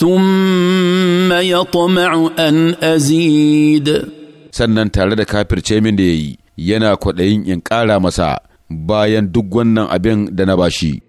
ثم يطمع أن أزيد sannan tare da kafirce min da ya yi yana kwaɗayin in ƙara masa bayan duk wannan abin da na bashi.